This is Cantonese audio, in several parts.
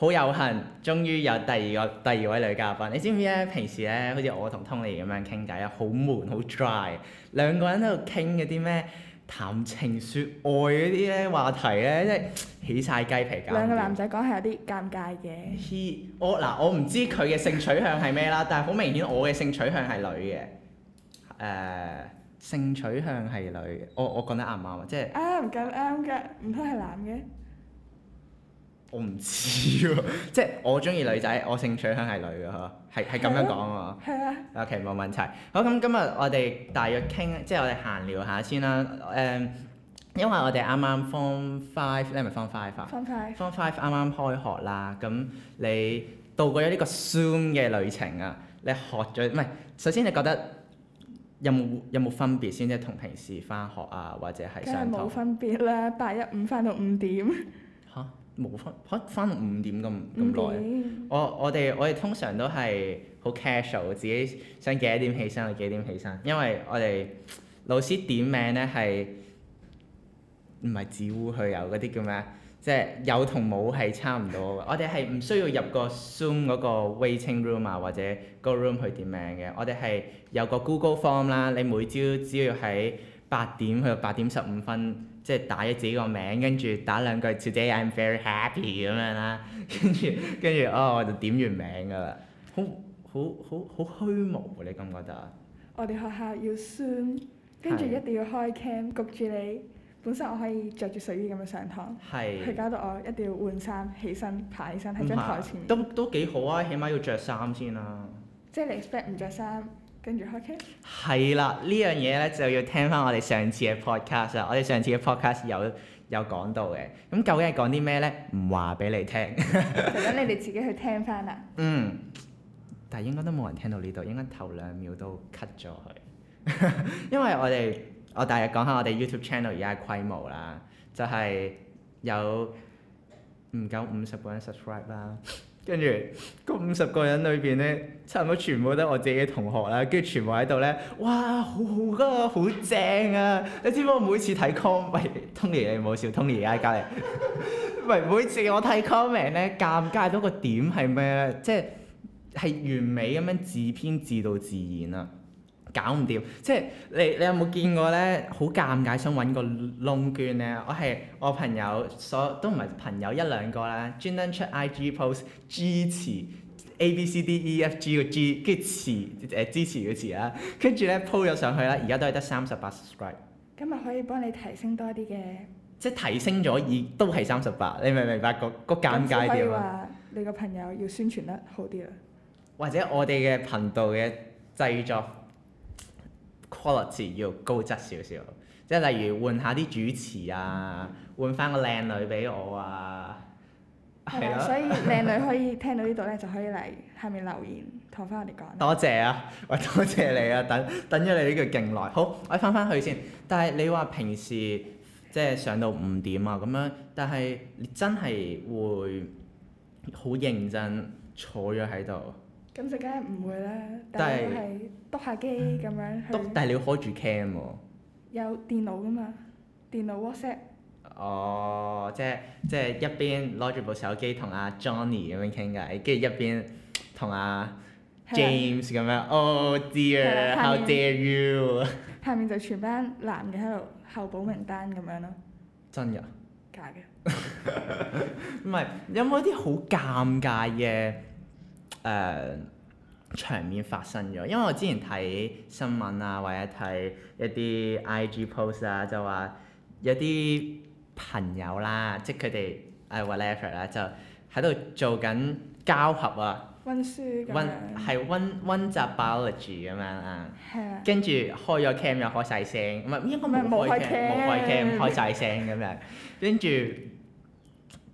好有幸，終於有第二個第二位女嘉賓。你知唔知咧？平時咧，好似我同 Tony 咁樣傾偈，好悶，好 dry。兩個人喺度傾嗰啲咩談情説愛嗰啲咧話題咧，即係起晒雞皮。兩個男仔講係有啲尷尬嘅、 哦呃。我嗱我唔知佢嘅性取向係咩啦，但係好明顯我嘅性取向係女嘅。誒、呃，性取向係女嘅。我我講得啱唔啱啊？即係啱唔緊啱㗎，唔通係男嘅？ 我唔知喎，即係我中意女仔，我性取向係女嘅嗬，係係咁樣講啊係啊。OK，冇問題。好咁，今日我哋大約傾，即係我哋閒聊，聊下先啦。誒、嗯，因為我哋啱啱 Form Five 咧，咪 Form Five 啊。Form Five。Form Five 啱啱開學啦，咁你度過咗呢個 Zoom 嘅旅程啊？你學咗唔係？首先你覺得有冇有冇分別先？即係同平時翻學啊，或者係上堂。梗係冇分別啦，八一五翻到五點。冇返返到五點，咁咁耐，我我哋我哋通常都係好 casual，自己想幾點起身就幾點起身，因為我哋老師點名咧，係唔係指呼佢有嗰啲叫咩？即係有同冇係差唔多嘅。 我哋係唔需要入個 Zoom 嗰個 waiting room 啊或者 go room 去點名嘅。我哋係有個 Google form 啦、啊，你每朝只要喺八點去到八點十五分。即係打咗自己個名，跟住打兩句，小姐，I'm very happy 咁樣啦，跟住跟住，哦，我就點完名㗎啦，好好好好虛無㗎啊，你覺唔覺得？我哋學校要穿，跟住一定要開 cam 焗住你。本身我可以着住睡衣咁樣上堂，係，佢搞到我一定要換衫，起身爬起身喺張台前面，都都幾好啊，起碼要着衫先啦。即係你 expect 唔着衫？跟住開機？係啦、okay， 樣呢樣嘢咧就要聽翻我哋上次嘅 podcast 啦。我哋上次嘅 podcast 有有講到嘅。咁究竟係講啲咩咧？唔話俾你聽。係咯，你哋自己去聽翻啦。 嗯，但係應該都冇人聽到呢度，應該頭兩秒都 cut 咗佢。 因為我哋我大約講下我哋 YouTube channel 而家嘅規模啦，就係、是、有唔夠五十個人 subscribe 啦。跟住嗰五十個人裏邊咧，差唔多全部都係我自己同學啦，跟住全部喺度咧，哇，好好噶，好正啊！你知唔知我每次睇 comment，Tony， 你唔好笑，Tony 而家喺隔離，唔係 每次我睇 comment 咧，尷尬到個點係咩咧？即係係完美咁樣自編自導自演啊！搞唔掂，即係你你有冇見過咧？好尷尬，想揾個窿捐咧。我係我朋友所都唔係朋友一兩個啦，專登出 IG post 支持 A B C D E F G 個 G，跟詞誒支持嘅詞啊，跟住咧 po 咗上去啦。而家都係得三十八 subscribe。咁咪可以幫你提升多啲嘅。即係提升咗，亦都係三十八。你明唔明白個個尷尬點啊？你個朋友要宣傳得好啲啊，或者我哋嘅頻道嘅製作。quality 要高質少少，即係例如換下啲主持啊，換翻個靚女俾我啊，係咯的。的所以靚女可以聽到呢度咧， 就可以嚟下面留言，同翻我哋講。多謝啊，喂，多謝你啊，等等咗你呢句勁耐。好，我翻返去先。但係你話平時即係上到五點啊咁樣，但係你真係會好認真坐咗喺度。咁就梗係唔會啦，但係都係篤下機咁樣。督，但係你要開住 cam 喎。有電腦噶嘛？電腦 WhatsApp。哦，即係即係一邊攞住部手機同阿、啊、Johnny 咁樣傾偈，跟住一邊同阿、啊、James 咁的樣。Oh dear! How dare you！下面就全班男嘅喺度候補名單咁樣咯。真㗎？假嘅。唔係，有冇啲好尷尬嘅？誒、呃、場面發生咗，因為我之前睇新聞啊，或者睇一啲 IG post 啊，就話有啲朋友啦、啊，即係佢哋誒 whatever 啦、啊，就喺度做緊交合啊，溫書咁樣，係溫溫習 biology 咁樣啊，跟住的開咗 cam 又開晒聲，唔係應該冇開 cam，冇開 cam 開晒聲咁樣，跟住，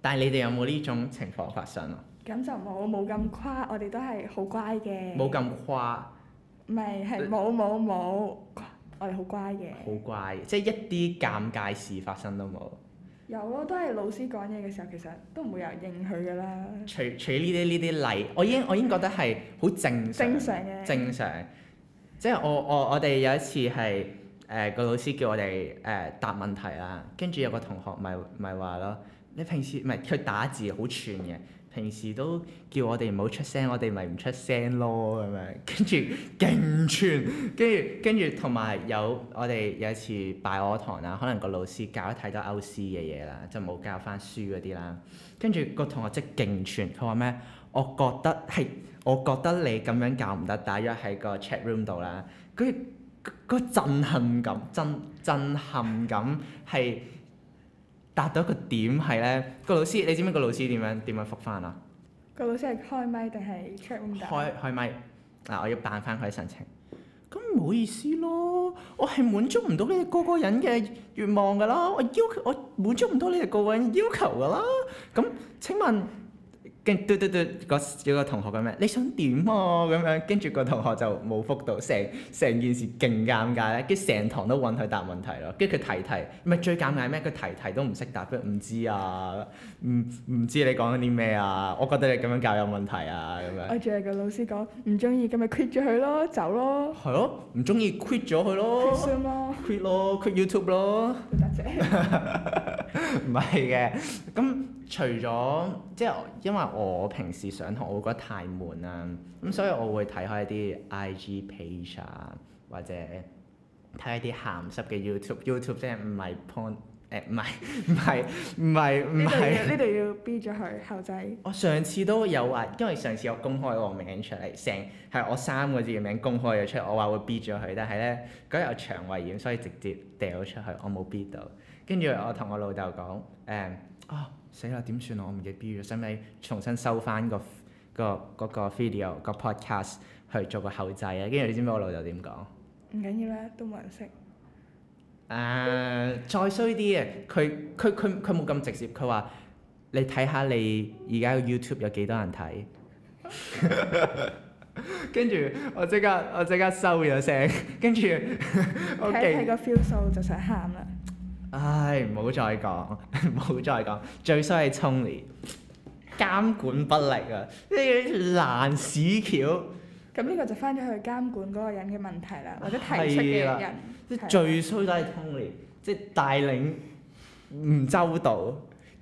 但係你哋有冇呢種情況發生啊？immer : dann 咁就冇冇咁誇，我哋都係好乖嘅。冇咁誇。咪係冇冇冇，我哋好乖嘅。好乖，即係一啲尷尬事發生都冇。有咯，都係老師講嘢嘅時候，其實都唔會有人應佢噶啦。除除呢啲呢啲例，我已經我已經覺得係好正常。 正常嘅的。正常，即係我我我哋有一次係誒個老師叫我哋誒、呃、答問題啦，跟住有個同學咪咪話咯：你平時唔係佢打字好串嘅。平時都叫我哋唔好出聲，我哋咪唔出聲咯，咁樣跟住勁串，跟住跟住同埋有我哋有一次拜我堂啦，可能個老師教得太多 OC 嘅嘢啦，就冇教翻書嗰啲啦。跟住個同學即係勁串，佢話咩？我覺得係，我覺得你咁樣教唔得。大約喺個 chat room 度啦，跟住嗰震撼感，震震撼感係。達到一個點係咧，個老師你知唔知個老師點樣點樣復翻啊？個老師係開咪定係 check on the 開開咪啊，我要扮翻佢嘅神情。咁唔好意思咯，我係滿足唔到你哋個個人嘅願望㗎啦。我要求我滿足唔到你哋個個人要求㗎啦。咁請問？跟嘟嘟嘟嗰幾個同學講咩？你想點啊？咁樣跟住個同學就冇覆到，成成件事勁尷尬咧。跟住成堂都揾佢答問題咯。跟住佢提提，唔係最尷尬咩？佢提提都唔識答，唔知啊，唔唔知你講緊啲咩啊？我覺得你咁樣教有問題啊咁樣。我仲係個老師講唔中意咁，咪 quit 咗佢咯，走咯。係咯，唔中意 quit 咗佢咯。quit 咯，quit 咯，quit YouTube 咯。唔係嘅，咁。除咗即係因為我平時上堂會覺得太悶啦，咁所以我會睇開一啲 IG page 啊，或者睇一啲鹹濕嘅 YouTube on，欸。YouTube 即係唔係 point？誒，唔係唔係唔係唔係。呢度 要嗶咗佢，猴仔。我上次都有話，因為上次我公開個名出嚟，成係我三個字嘅名公開咗出嚟，我話會嗶咗佢，但係咧嗰日腸胃炎，所以直接掉咗出去，我冇嗶到。我跟住我同我老豆講誒，哦。死啦！點算，我唔記得，做，使唔使重新收翻、嗰個個嗰、嗰個 video 個 podcast 去做個後製啊？跟住你知唔知我老豆點講？唔緊要啦，都冇人識。誒、uh,，再衰啲嘅，佢佢佢佢冇咁直接，佢話：你睇下你而家個 YouTube 有幾多人睇？跟 住我即刻我即刻收咗聲，跟住睇睇個 view 數、so, 就想喊啦。唉，唔好再講，唔好再講。最衰係 Tony，監管不力啊！呢啲爛屎橋。咁呢個就翻咗去監管嗰個人嘅問題啦，的或者提出嘅人。即係的的最衰都係 Tony，即係帶領唔周到。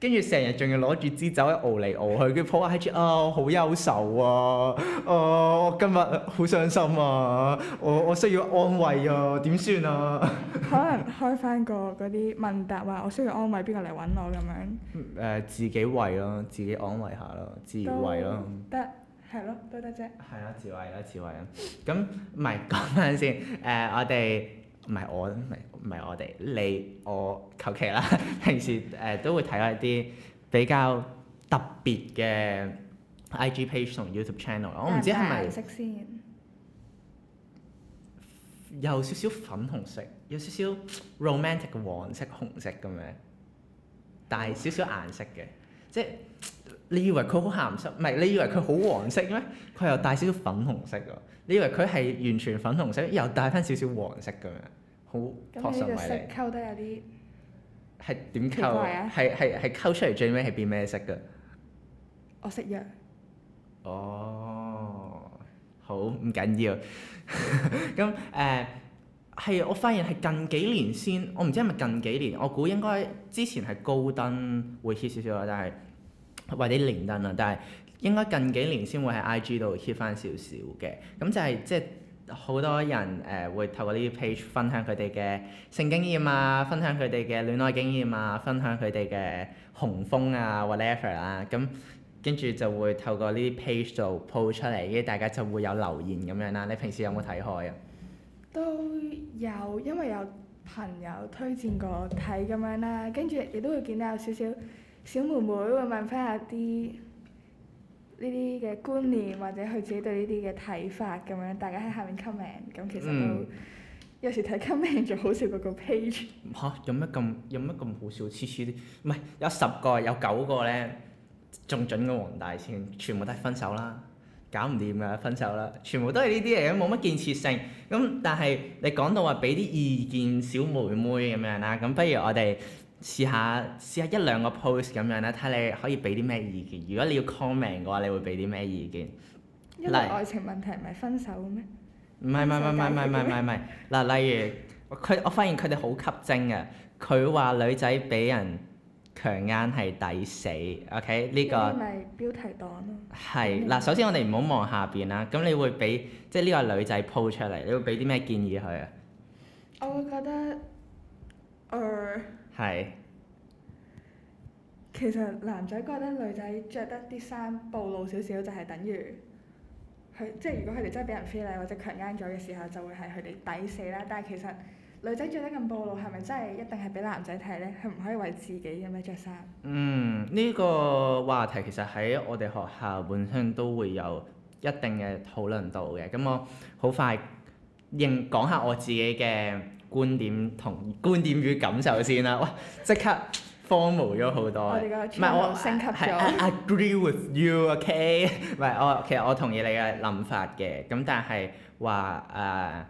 跟住成日仲要攞住支酒喺熬嚟熬去，佢 po 喺 h r，好憂愁啊！我、哦、今日好傷心啊！我我需要安慰啊！點算啊？ 可能開返個嗰啲問答話，我需要安慰，邊個嚟揾我咁樣？誒、呃，自己慰咯、啊，自己安慰下咯、啊啊，自慰咯，得係咯，都得啫。係啦，自慰啦、啊，自 慰。咁唔係講緊先，誒、呃，我哋。唔係我，唔係我哋，你我求其啦。平時誒、呃、都會睇一啲比較特別嘅 IG page 同 YouTube channel、嗯。我唔知係咪色先，有少少粉紅色，有少少 romantic 嘅黃色、紅色咁樣，但係少少顏色嘅，即係。你以為佢好鹹濕，唔係，你以為佢好黃色咩？佢又帶少少粉紅色喎。你以為佢係完全粉紅色，又帶翻少少黃色咁樣，好樸實埋嚟。咁溝得有啲係點溝？係係係溝出嚟最尾係變咩色㗎？我食藥。哦，好唔緊要。咁誒係我發現係近幾年先，我唔知係咪近幾年，我估應該之前係高登會 hit 少少啦，但係。或者連登啊，但係應該近幾年先會喺 IG 度 hit 翻少少嘅，咁就係即係好多人誒、呃、會透過呢啲 page 分享佢哋嘅性經驗啊，分享佢哋嘅戀愛經驗啊，分享佢哋嘅雄風啊，whatever 啦、啊，咁跟住就會透過呢啲 page 度 po 出嚟，跟住大家就會有留言咁樣啦、啊。你平時有冇睇開啊？都有，因為有朋友推薦過睇咁樣啦，跟住亦都會見到有少少。小妹妹會問翻下啲呢啲嘅觀念或者佢自己對呢啲嘅睇法咁樣，大家喺下面 c 名，m 咁其實都有時睇 c 名 m 仲好笑過個 page。嚇、啊？有乜咁有乜咁好笑？痴痴啲，唔係有十個有九個咧，仲準嘅王大仙全部都係分手啦，搞唔掂㗎，分手啦，全部都係呢啲嘢。冇乜建設性。咁但係你講到話俾啲意見，小妹妹咁樣啦，咁不如我哋。試下試一下一兩個 pose 咁樣咧，睇你可以俾啲咩意見。如果你要 comment 嘅話，你會俾啲咩意見？因個愛情問題咪分手咩？唔係唔係唔係唔係唔係唔係嗱，例如佢我發現佢哋好吸睛嘅。佢話女仔俾人強硬係抵死，OK 呢、這個？呢啲咪標題黨咯。係嗱是，首先我哋唔好望下邊啦。咁你會俾即係呢個女仔 po 出嚟，你會俾啲咩建議佢啊？我會覺得，誒、呃。係。是其實男仔覺得女仔着得啲衫暴露少少，就係等於佢，即係如果佢哋真係俾人非禮或者強姦咗嘅時候，就會係佢哋抵死啦。但係其實女仔着得咁暴露，係咪真係一定係俾男仔睇呢？佢唔可以為自己嘅咩着衫？嗯，呢、這個話題其實喺我哋學校本身都會有一定嘅討論度嘅。咁我好快應講下我自己嘅。觀點同觀點與感受先啦，啊，喂， 即刻 formal 咗好多，唔係我升級咗，I agree with you，ok，、okay? 唔 係我其實我同意你嘅諗法嘅，咁但係話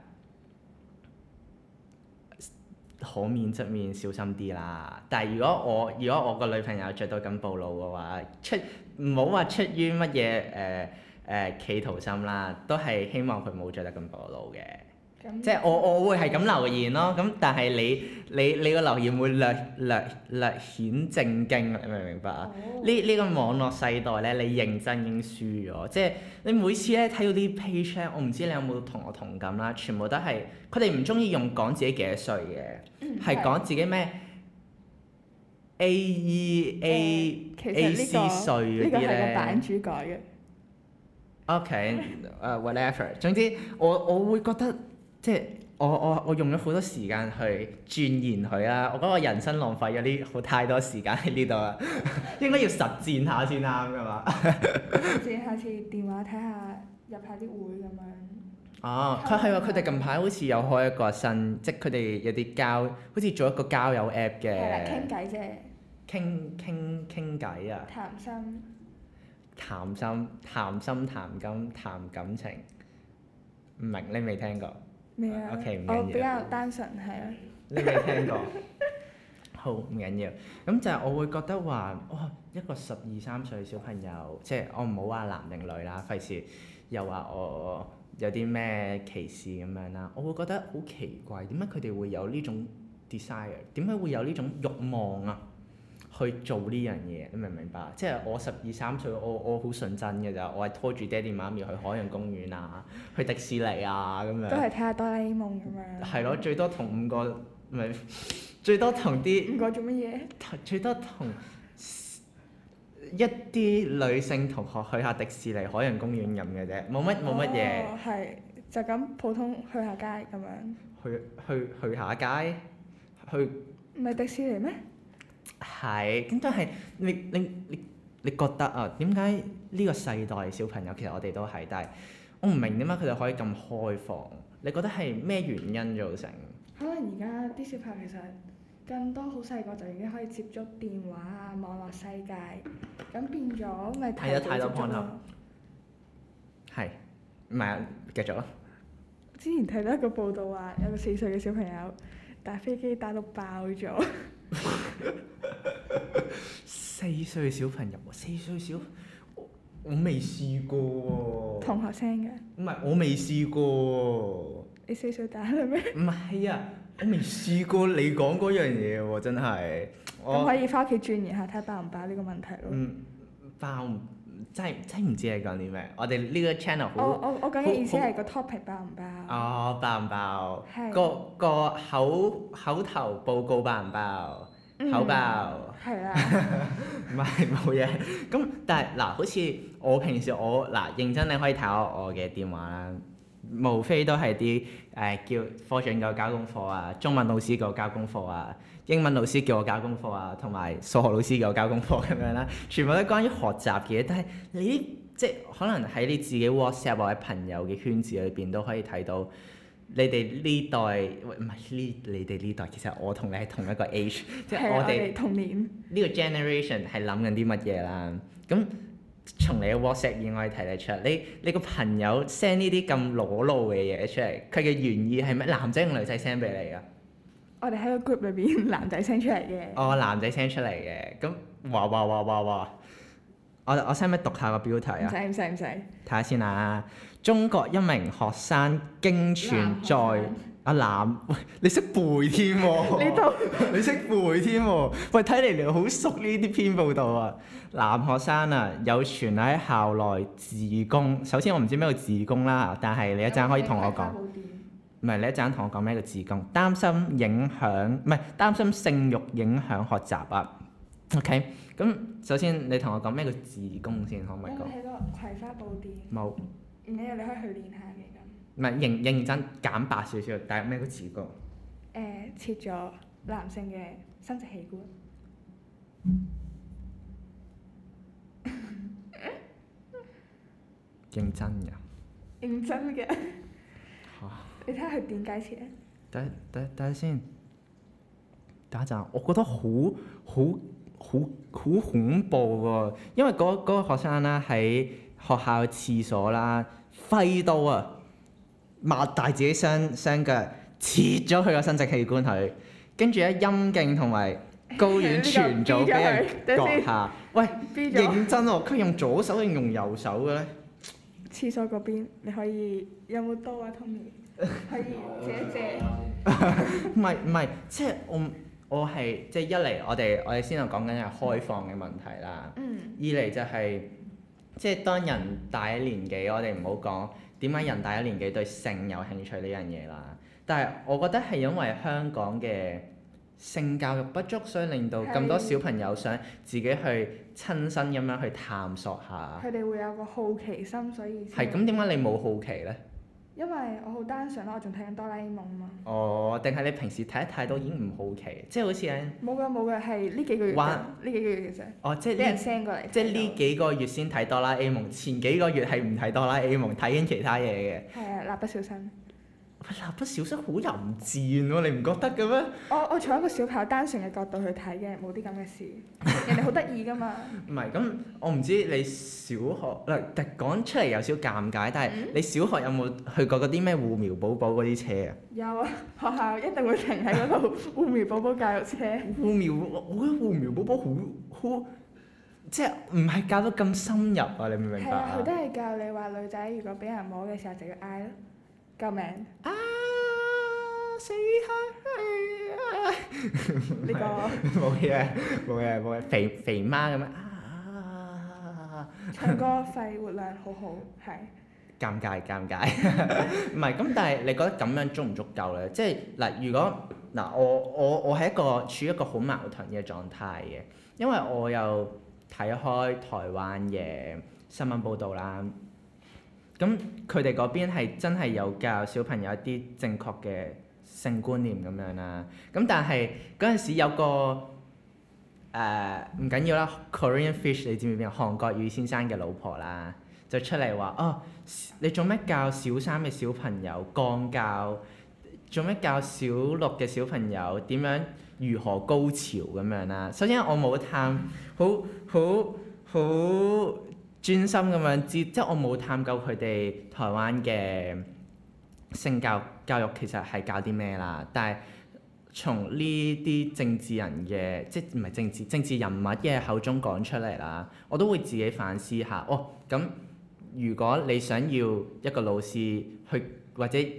誒可免則免小心啲啦。但係如果我如果我個女朋友著到咁暴露嘅話，出唔好話出於乜嘢誒誒企圖心啦，都係希望佢冇著得咁暴露嘅。即係我我會係咁留言咯，咁但係你你你個留言會略略略顯正經，你明唔明白啊？呢呢、oh. 呢個網絡世代咧，你認真已經輸咗。即係你每次咧睇到啲 page 咧，我唔知你有冇同我同感啦，全部都係佢哋唔中意用講自己幾多歲嘅，係講 自己咩 A E A、嗯、A C 歲嗰啲咧。個版主改嘅。 o、okay, K，whatever，、uh, 總之我我會覺得。即係我我我用咗好多時間去鑽研佢啦，我覺得我人生浪費咗啲好太多時間喺呢度啦， 應該要實踐下先啱㗎嘛。接下次電話睇下入下啲會咁樣。哦、啊，佢係喎，佢哋近排好似有開一個新，即係佢哋有啲交，好似做一個交友 App 嘅。係傾偈啫。傾傾傾偈啊談心談！談心。談心談心談感談感情，唔明你未聽過？啊、O.K. 唔緊要。我比較單純，係啊好。嗯、你未聽過？ 好唔緊要。咁就係我會覺得話，哇！一個十二三歲小朋友，即係我唔好話男定女啦，費事又話我，我有啲咩歧視咁樣啦。我會覺得好奇怪，點解佢哋會有呢種 desire？點解會有呢種慾望啊？去做呢樣嘢，你明唔明白？即係我十二三歲，我我好純真嘅咋。我係拖住爹哋媽咪去海洋公園啊，去迪士尼啊咁樣。都係睇下哆啦 A 夢咁樣。係咯，最多同五個咪，最多同啲五個做乜嘢？最多同一啲女性同學去下迪士尼、海洋公園飲嘅啫，冇乜冇乜嘢。哦，係就咁普通去下街咁樣。去去去下街，去。唔係迪士尼咩？係，咁 但係你你你你覺得啊？點解呢個世代小朋友其實我哋都係，但係我唔明點解佢哋可以咁開放？你覺得係咩原因造成？可能而家啲小朋友其實更多好細個就已經可以接觸電話啊、網絡世界，咁變咗咪睇咗太多咯。係，唔 係啊？繼續咯。之前睇到一個報道話，有個四歲嘅小朋友打飛機打到爆咗。 四歲小朋友，四歲小，我未試過、啊、同學聲嘅。唔係，我未試過、啊。你四歲打係咩？唔係啊， 我未試過你講嗰樣嘢喎、啊，真係。咁可以返屋企轉移下，睇下包唔包呢個問題咯。嗯，包，真真唔知你講啲咩。我哋呢個 channel 好、哦。我我我講嘅意思係個 topic 包唔包？哦，包唔包？係。 個個口口頭報告包唔包，包？ 口爆、嗯，係啦，唔係冇嘢。咁 但係嗱，好似我平時我嗱認真，你可以睇下我嘅電話啦，無非都係啲誒叫科長叫我交功課啊，中文老師叫我交功課啊，英文老師叫我交功課啊，同埋數學老師叫我交功課咁樣啦，全部都關於學習嘅嘢。但係你即係可能喺你自己 WhatsApp 或者朋友嘅圈子裏邊都可以睇到。你哋呢代唔係呢？你哋呢代其實我同你係同一個 age，即係 我哋同年呢個 generation 係諗緊啲乜嘢啦？咁從你嘅 WhatsApp 已經可以睇得出，你你個朋友 send 呢啲咁裸露嘅嘢出嚟，佢嘅原意係咩？男仔同女仔 send 俾你啊？我哋喺個 group 裏邊，男仔 send 出嚟嘅。哦、oh，男仔 send 出嚟嘅，咁哇哇哇哇哇！我我使唔使讀下個標題啊？唔使唔使唔使，睇下先啊！中國一名學生經傳在阿男，喂，你識背添喎？你都你識背添喎？喂，睇嚟你好熟呢啲篇報道啊！男學生啊，有傳喺校內自宮。首先我唔知咩叫自宮啦嚇，但係你一陣可以同我講。葵花寶典。唔係，你一陣同我講咩叫自宮？擔心影響，唔係擔心性慾影響學習啊。OK，咁首先你同我講咩叫自宮先，可唔可以講？我睇過《葵花寶典》。冇。唔緊要，你可以去練下嘅咁。唔係認認真減白少少，但係咩個主角？誒，切咗男性嘅生殖器官。認真嘅。呃、 認真嘅。你睇下佢點解辭？等等等下先。等一陣，我覺得好好好好恐怖喎，因為嗰、那、嗰、個那個學生咧喺。學校嘅廁所啦，揮刀啊，擘大自己雙雙腳，切咗佢個生殖器官佢，跟住咧陰莖同埋睾丸傳咗俾佢。等一割嚇。喂，塞了 認真喎，佢用左手定用右手嘅咧？廁所嗰邊你可以有冇刀啊，Tommy？可以借一借？唔係唔係，即係，就是，我我係即係一嚟，我哋，就是，我哋先頭講緊係開放嘅問題啦。嗯。 二嚟就係，是。即係當人大咗年紀，我哋唔好講點解人大咗年紀對性有興趣呢樣嘢啦。但係我覺得係因為香港嘅性教育不足，所以令到咁多小朋友想自己去親身咁樣去探索下。佢哋會有個好奇心，所以係咁點解你冇好奇咧？因為我好單純啦，我仲睇緊哆啦 A 夢啊嘛。哦，定係你平時睇得太多已經唔好奇，即係好似呢。冇噶冇噶，係呢幾個月。玩呢哇幾個月其實。哦，即係啲人 send 過嚟，即係呢幾個月先睇哆啦 A 夢，嗯、前幾個月係唔睇哆啦 A 夢，睇緊其他嘢嘅。係啊、嗯，蠟筆小新。係蠟筆小新好淫賤喎、啊，你唔覺得嘅咩？我我從一個小朋友單純嘅角度去睇嘅，冇啲咁嘅事，人哋好得意㗎嘛。唔係， 咁我唔知你小學嗱講出嚟有少尷尬，但係你小學有冇去過嗰啲咩護苗寶寶嗰啲車啊？有啊，學校一定會停喺嗰度護苗寶寶教育車。護苗，我覺得護苗寶寶好好，即係唔係教得咁深入啊？你明唔明白？啊，佢都係教你話女仔如果俾人摸嘅時候就要嗌咯。救命啊、哎！啊，死乞黑！呢個冇嘢，冇嘢，冇嘢，肥肥媽咁樣啊！唱歌肺活量好好，係 是。尷尬尷尬，唔係咁，但係你覺得咁樣足唔足夠咧？即係嗱，如果嗱，我我我係一個處於一個好矛盾嘅狀態嘅，因為我又睇開台灣嘅新聞報導啦。咁佢哋嗰邊係真係有教小朋友一啲正確嘅性觀念咁樣、啊呃、啦。咁但係嗰陣時有個誒唔緊要啦，Korean fish 你知唔知邊？韓國語先生嘅老婆啦，就出嚟話：哦，你做咩教小三嘅小朋友肛交，做咩教小六嘅小朋友點樣如何高潮咁樣啦、啊？首先我冇探，好好好。專心咁樣知，即係我冇探究佢哋台灣嘅性教教育其實係教啲咩啦。但係從呢啲政治人嘅，即唔係政治政治人物嘅口中講出嚟啦，我都會自己反思下。哦，咁如果你想要一個老師去，或者一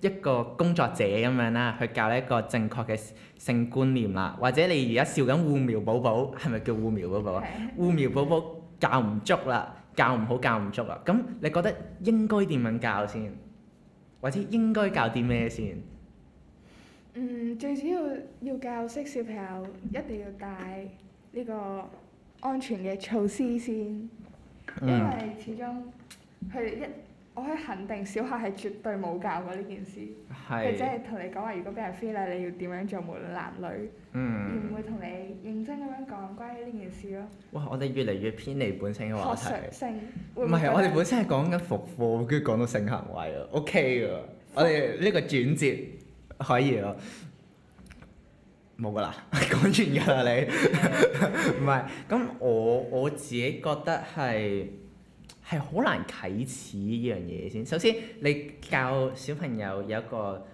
一個工作者咁樣啦，去教一個正確嘅性觀念啦，或者你而家笑緊護苗寶寶，係咪叫護苗寶寶啊？護苗寶寶。Okay. 護苗寶寶教唔足啦，教唔好，教唔足啦。咁你覺得應該點樣教先，或者應該教啲咩先？嗯，最主要要教識小朋友一定要帶呢個安全嘅措施先，因為始終佢哋一。我可以肯定小學係絕對冇教過呢件事，是嗯、即係同你講話如果俾人非禮啦，你要點樣做，無論男女，唔會同你認真咁樣講關於呢件事咯。哇！我哋越嚟越偏離本性嘅話題，唔係我哋本身係講緊服貨，跟住講到性行為，OK 嘅。服我哋呢個轉折可以喎，冇㗎啦，講 完㗎啦你，唔係咁我我自己覺得係。係好難啟齒呢樣嘢先。首先，你教小朋友有一個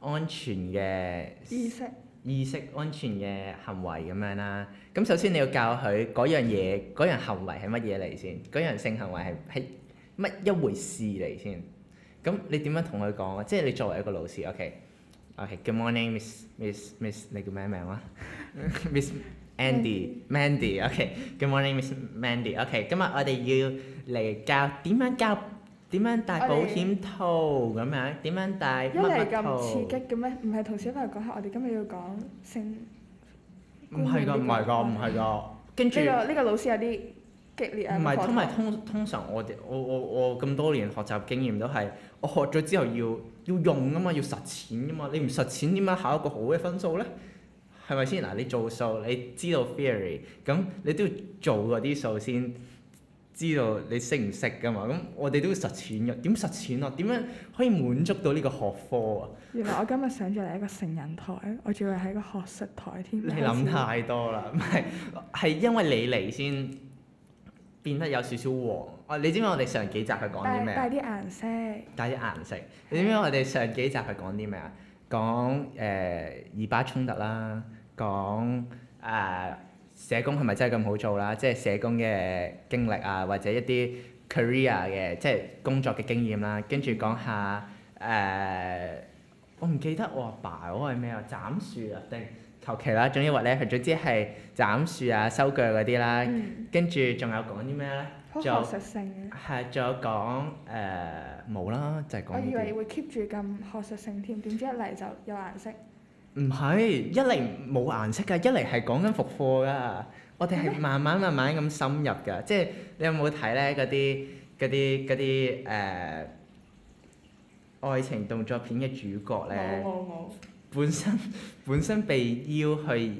安全嘅意識，意識安全嘅行為咁樣啦。咁首先你要教佢嗰樣嘢，嗰樣行為係乜嘢嚟先？嗰樣性行為係係乜一回事嚟先？咁你點樣同佢講啊？即係你作為一個老師，OK？OK。Okay. Okay. Good morning, Miss Miss Miss。你叫咩名啊？Miss Andy，Mandy，OK，Good morning，Miss Mandy，OK，今日我哋要嚟教點樣教點樣戴保險套咁樣，點樣戴？因為咁刺激嘅咩？唔係同小朋友講下，我哋今日要講性。唔係㗎，唔係㗎，唔係㗎，跟住呢個呢個老師有啲激烈啊！唔係，同埋通通常我哋我我我咁多年學習經驗都係我學咗之後要要用啊嘛，要實踐啊嘛，你唔實踐點樣考一個好嘅分數咧？係咪先？嗱，你做數，你知道 theory，咁你都要做嗰啲數先知道你識唔識噶嘛？咁我哋都要實踐嘅。點實踐啊？點樣可以滿足到呢個學科啊？原來我今日上咗嚟一個成人台，我仲以為係一個學術台添。你諗太多啦，唔係，係因為你嚟先變得有少少黃。啊，你知唔知我哋上幾集係講啲咩啊？帶啲顏色。帶啲顏色。你知唔知我哋上幾集係講啲咩啊？講誒以巴衝突啦，啊。講誒、呃、社工係咪真係咁好做啦？即係社工嘅經歷啊，或者一啲 career 嘅即係工作嘅經驗啦。跟住講下誒、呃，我唔記得爸爸我阿爸嗰個係咩啊？斬樹啊定求其啦，總之話咧，佢總之係斬樹啊、收腳嗰啲啦。跟住仲有講啲咩咧？好學術性嘅。仲有,有講誒冇、呃、啦，就係、是、講。我以為會 keep 住咁學術性添，點知一嚟就有顏色。唔係，一嚟冇顏色㗎，一嚟係講緊復課㗎。我哋係慢慢慢慢咁深入㗎，麼即係你有冇睇咧嗰啲嗰啲嗰啲誒愛情動作片嘅主角咧？本身本身被邀去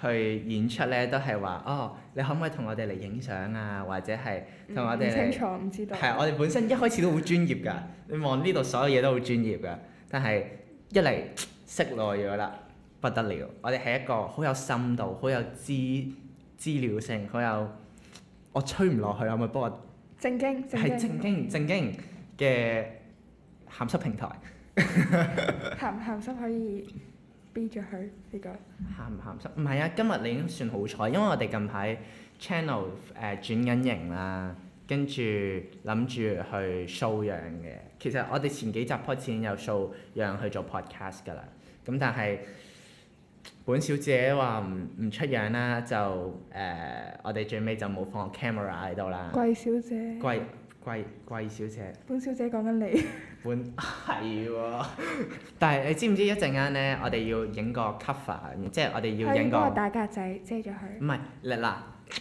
去演出咧，都係話哦，你可唔可以同我哋嚟影相啊？或者係同我哋嚟？唔清楚，唔知道。係啊，我哋本身一開始都好專業㗎。你望呢度所有嘢都好專業㗎，但係一嚟。識耐咗啦，不得了！我哋係一個好有深度、好有資資料性、好有我吹唔落去，可唔可以幫我正經正經正經正經嘅鹹濕平台。鹹唔鹹濕可以避住佢呢個。鹹唔鹹濕唔係啊！今日你已經都算好彩，因為我哋近排 channel 誒、呃、轉緊型啦，跟住諗住去 show 樣嘅。其實我哋前幾集開始已經有 show 樣去做 podcast 㗎啦。咁、嗯、但係本小姐話唔唔出樣啦，就誒、呃，我哋最尾就冇放 camera 喺度啦。貴小姐。貴貴貴小姐。本小姐講緊你。 本係喎，是 但係你知唔知一陣間咧，我哋要影個 cover，即係我哋要影個大格仔遮咗佢。唔係，你嗱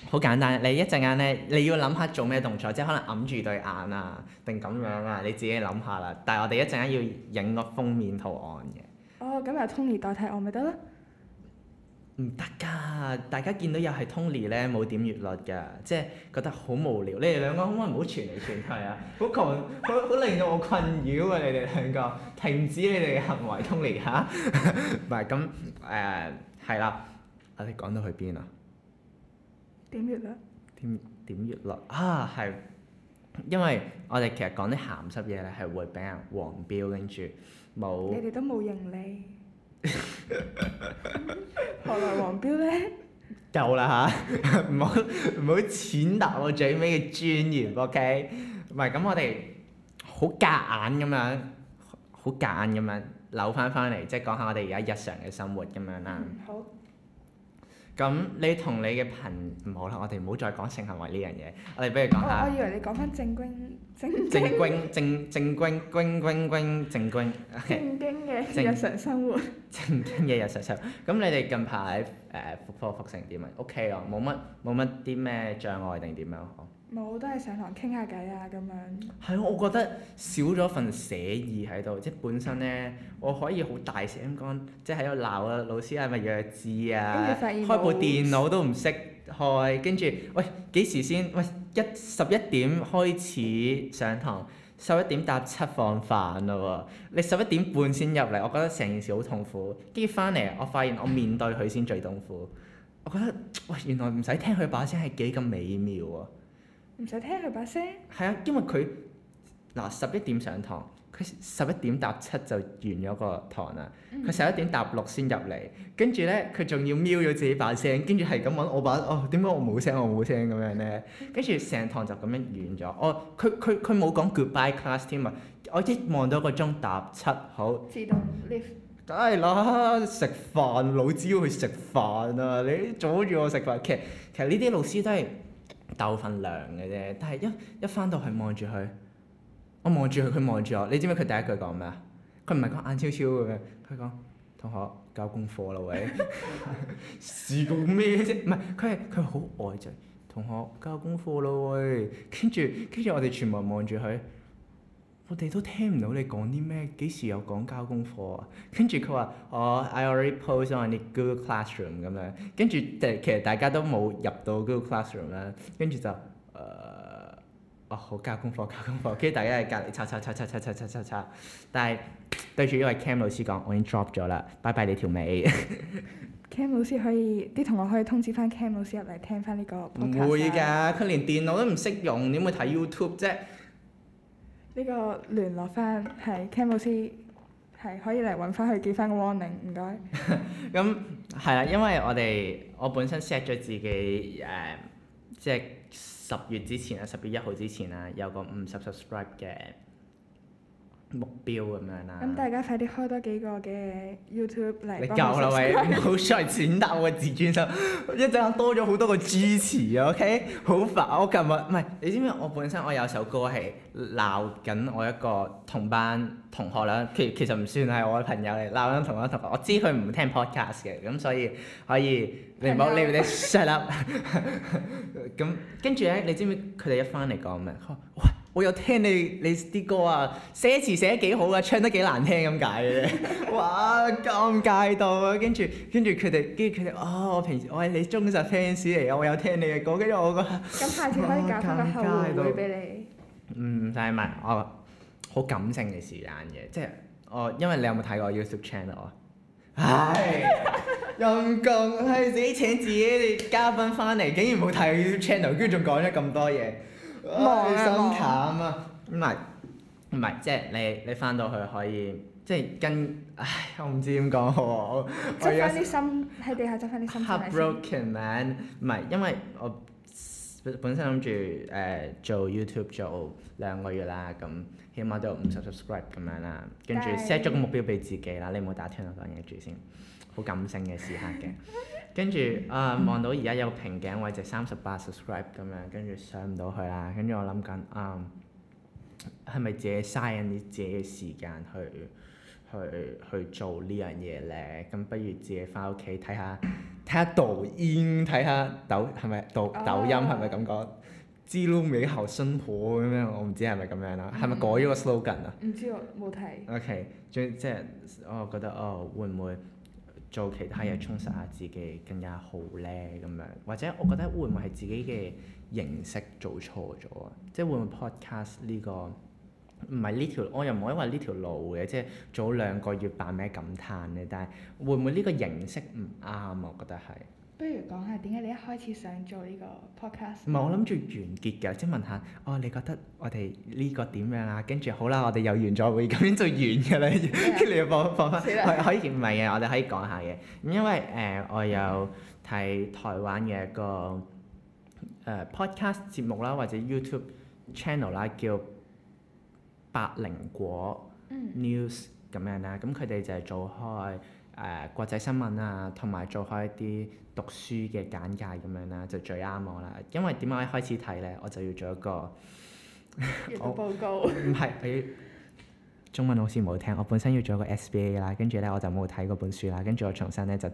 好簡單，你一陣間咧，你要諗下做咩動作，即係可能揞住對眼啊，定咁樣啊，你自己諗下啦。但係我哋一陣間要影個封面圖案嘅。哦，咁由、oh, Tony 代替我咪得咯？唔得噶，大家見到又係 Tony 咧，冇點閱率噶，即係覺得好無聊。你哋兩個可唔可以唔好傳嚟傳去 啊？好窮，好好令到我困擾啊！你哋兩個停止你哋嘅行為，Tony 嚇。唔係咁誒，係啦，你講到去邊啊？ 呃、啊點閱率？點點閱率啊？係、啊。因為我哋其實講啲鹹濕嘢咧，係會俾人黃標，跟住冇。你哋都冇盈利， 何來黃標咧？夠啦嚇，唔好唔好踐踏我最尾嘅尊嚴，OK？唔係咁，我哋好夾硬咁樣，好夾硬咁樣扭翻翻嚟，即係講下我哋而家日常嘅生活咁樣啦。好。咁你同你嘅朋唔好啦，我哋唔好再講性行為呢樣嘢，我哋不如講下。我、哦、我以為你講返正經正正正經正正經經正，正經正經嘅正日常生活。正，正經嘅日常生活，咁 你哋近排誒復課復成點啊？OK 囉，冇乜冇乜啲咩障礙定點樣？Okay, 冇，都係上堂傾下偈啊，咁樣。係咯、啊，我覺得少咗份寫意喺度，即本身咧，我可以好大聲咁講，即係喺度鬧啊老師係咪弱智啊？開部電腦都唔識開，跟住喂幾時先？喂，喂一十一點開始上堂，十一點搭七放飯嘞喎，你十一點半先入嚟，我覺得成件事好痛苦。跟住翻嚟，我發現我面對佢先最痛苦，我覺得喂原來唔使聽佢把聲係幾咁美妙啊。唔使聽佢把聲。係啊，因為佢嗱十一點上堂，佢十一點搭七就完咗個堂啦。佢十一點搭六先入嚟，跟住咧佢仲要瞄咗自己把聲，跟住係咁問我把哦點解我冇聲我冇聲咁樣咧？跟住成堂就咁樣完咗。哦，佢佢佢冇講 goodbye class 添啊！我一望到個鐘搭七好。自動 lift。梗係、哎、啦，食飯老子要去食飯啊！你阻住我食飯，其實其實呢啲老師都係。鬥份糧嘅啫，但係一一翻到去望住佢，我望住佢，佢望住我，你知唔知佢第一句講咩啊？佢唔係講眼超超嘅，佢講同學交功課啦喂，試過咩啫？唔係佢係佢好呆滯，同學交功課啦喂，跟住跟住我哋全部望住佢。我哋都聽唔到你講啲咩，幾時有講交功課啊？跟住佢話我 I already post on 啲 Google Classroom 咁樣，跟住其實大家都冇入到 Google Classroom 啦、啊，跟住就誒，哦好交功課交功課，跟住大家喺隔離抄抄抄抄抄抄抄抄，但係對住一位 Cam 老師講，我已經 drop 咗啦拜拜你條尾。Cam 老師可以啲同學可以通知翻 Cam 老師入嚟聽翻呢個。唔會㗎，佢連電腦都唔識用，點會睇 YouTube 啫？呢、這個聯絡翻係 Cam 老師係可以嚟揾翻佢寄翻個 warning，唔該。咁係啦，因為我哋我本身 set 咗自己誒、呃，即係十月之前啊，十月一號之前啊，有個五十 subscribe 嘅。目標咁樣啦。咁大家快啲開多幾個嘅 YouTube 嚟幫我支持。你夠啦喂，唔好再踐踏我嘅自尊心， 一陣間多咗好多個支持啊 OK， 好煩！我琴日唔係，你知唔知我本身我有首歌係鬧緊我一個同班同學啦，其其實唔算係我嘅朋友嚟鬧緊同班同學，我知佢唔聽 podcast 嘅，咁所以可以你唔好 你唔好你 shut up。咁跟住咧，你知唔知佢哋一翻嚟講咩？ 我有聽你你啲歌啊，寫詞寫得幾好啊，唱得幾難聽咁解嘅啫，哇尷尬到啊！跟住跟住佢哋，跟住佢哋，啊、哦，我平時我係你忠實 fans 嚟啊！我有聽你嘅歌，跟住我覺得咁下次可以揀翻個後輩會俾你。唔使、嗯、問，我好感性嘅時間嘅，即係我因為你有冇睇過 YouTube channel 啊？唉、哎，陰功唉，自己請自己啲嘉賓翻嚟，竟然冇睇 YouTube channel，跟住仲講咗咁多嘢。內哇哇心淡啊！唔係哇，唔係。即係你你翻到去可以，即係跟唉，我唔知點講好 我，執翻啲心喺地下，執翻啲心出 broken man，唔係因為我。本身諗住誒做 YouTube 做兩個月啦，咁起碼都有五十 subscribe 咁樣啦，跟住 set 咗個目標俾自己啦，你唔好打斷我講嘢住先，好感性嘅時刻嘅，跟住啊望到而家有個瓶頸位，就三十八 subscribe 咁樣，跟住上唔到去啦，跟住我諗緊啊，嗯、係咪自己嘥緊啲自己嘅時間去？去去做呢樣嘢咧，咁不如自己翻屋企睇下睇下抖音，睇下抖係咪抖抖音係咪咁講？是是啊、知路美好生活咁樣，我唔知係咪咁樣啦，係咪改咗個 slogan 啊？唔知，我冇睇。O K，即係我覺得哦，會唔會做其他嘢充實下自己更加好咧？咁樣或者我覺得會唔會係自己嘅形式做錯咗啊？即、就、係、是、會唔會 podcast 呢、這個？唔係呢條，我又唔可以話呢條路嘅，即係早兩個月扮咩感嘆嘅，但係會唔會呢個形式唔啱？我覺得係。不如講下點解你一開始想做呢個 podcast？唔係，我諗住完結嘅，即係問下，哦，你覺得我哋呢個點樣啊？跟住好啦，我哋有完再會做完，咁樣就完嘅啦。跟住你又放放翻。可以唔係嘅，我哋可以講下嘅。咁因為誒、呃，我有睇台灣嘅個誒、呃、podcast 節目啦，或者 YouTube channel 啦，叫百靈果 news 咁、嗯、樣啦，咁佢哋就係做開誒、呃、國際新聞啊，同埋做開一啲讀書嘅簡介咁樣啦，就最啱我啦。因為點解一開始睇咧，我就要做一個 報告。唔係 佢中文好似唔好聽。我本身要做一個 SBA 啦，跟住咧我就冇睇嗰本書啦，跟住我重新咧就。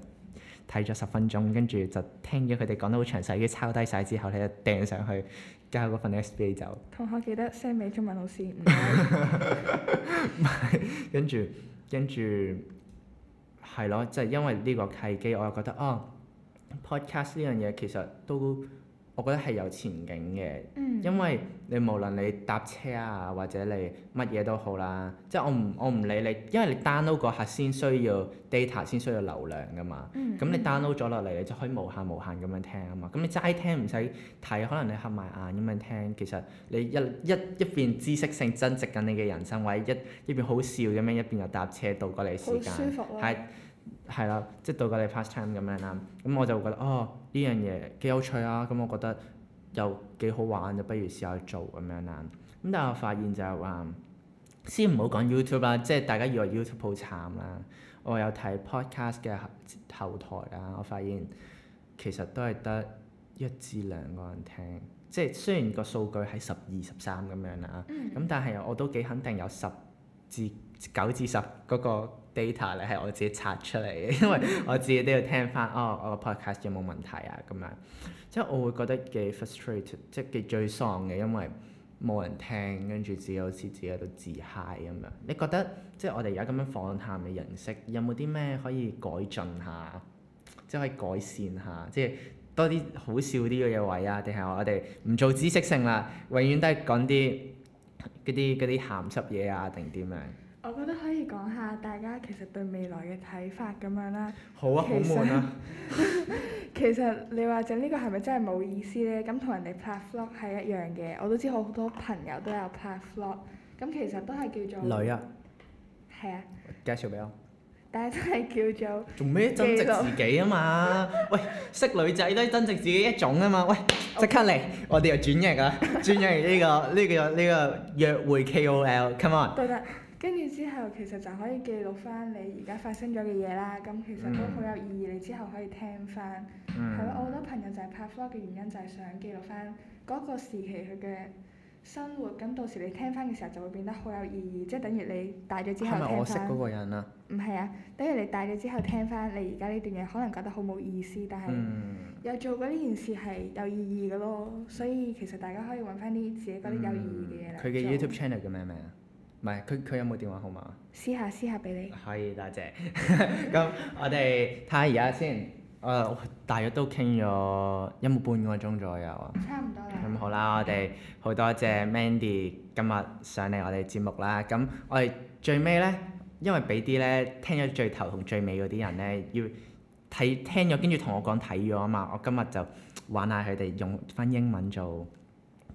睇咗十分鐘，跟住就聽咗佢哋講得好詳細，已經抄低晒之後咧，掟上去交份 SBA 就同學記得 send 俾中文老師。唔係，跟住跟住係咯，即係、就是、因為呢個契機，我又覺得啊、哦、Podcast 呢樣嘢其實都～我覺得係有前景嘅，嗯、因為你無論你搭車啊，或者你乜嘢都好啦，即係我唔我唔理你，因為你 download 嗰下先需要 data，先需要流量噶嘛。咁、嗯、你 download 咗落嚟，嗯、你就可以無限無限咁樣聽啊嘛。咁、嗯、你齋聽唔使睇，可能你合埋眼咁樣聽，其實你一一一邊知識性增值緊你嘅人生，或者一一邊好笑咁樣，一邊又搭車度過你時間，係、啊。係啦，即係對佢哋 pastime t 咁樣啦。咁、嗯嗯、我就會覺得哦，呢樣嘢幾有趣啊！咁我覺得又幾好玩，就不如試下去做咁樣啦。咁、嗯、但係我發現就係話、嗯，先唔好講 YouTube 啦、啊，即係大家以為 YouTube 好慘啦、啊。我有睇 podcast 嘅後台啦、啊，我發現其實都係得一至兩個人聽。即係雖然個數據喺十二、十三咁樣啦，咁、嗯嗯、但係我都幾肯定有十至九至十嗰、那個。data 咧係我自己拆出嚟嘅，因為我自己都要聽翻，哦，我個 podcast 有冇問題啊咁樣，即係我會覺得幾 frustrated，即係幾沮喪嘅，因為冇人聽，跟住自己好似自己喺度自嗨咁樣。你覺得即係我哋而家咁樣訪談嘅形式，有冇啲咩可以改進下，即係可以改善下，即係多啲好笑啲嘅嘢位啊？定係我哋唔做知識性啦，永遠都係講啲啲啲鹹濕嘢啊，定點樣？我覺得可以講下大家其實對未來嘅睇法咁樣啦。好啊，好悶啊。其實你話整呢個係咪真係冇意思咧？咁同人哋拍 Vlog 係一樣嘅，我都知我好多朋友都有拍 Vlog。咁其實都係叫做。女啊！係啊！介紹俾我。但係真係叫做。做咩增值自己啊嘛？喂，識女仔都係增值自己一種啊嘛？喂，即刻嚟！我哋又轉型啦，轉型呢個呢個呢個約會 KOL，come on！對啦。跟住之後，其實就可以記錄翻你而家發生咗嘅嘢啦。咁其實都好有意義，嗯、你之後可以聽翻。係咯、嗯，我好多朋友就係拍 Vlog 嘅原因就係想記錄翻嗰個時期佢嘅生活。咁到時你聽翻嘅時候就會變得好有意義，即係等於你大咗之後聽翻。係咪我識嗰個人啊？唔係啊，等於你大咗之後聽翻你而家呢段嘢，可能覺得好冇意思，但係有做過呢件事係有意義嘅咯。所以其實大家可以揾翻啲自己嗰啲有意義嘅嘢啦。佢嘅、嗯、做 YouTube channel 叫咩名？唔係，佢佢有冇電話號碼？試下試下俾你。可以，多謝，咁 我哋睇下而家先。誒、 uh, 大約都傾咗一個半個鐘左右。差唔多啦。咁好啦，我哋好多謝 Mandy 今日上嚟我哋節目啦。咁我哋最尾咧，因為俾啲咧聽咗最頭同最尾嗰啲人咧，要睇聽咗跟住同我講睇咗啊嘛。我今日就玩下佢哋用翻英文做。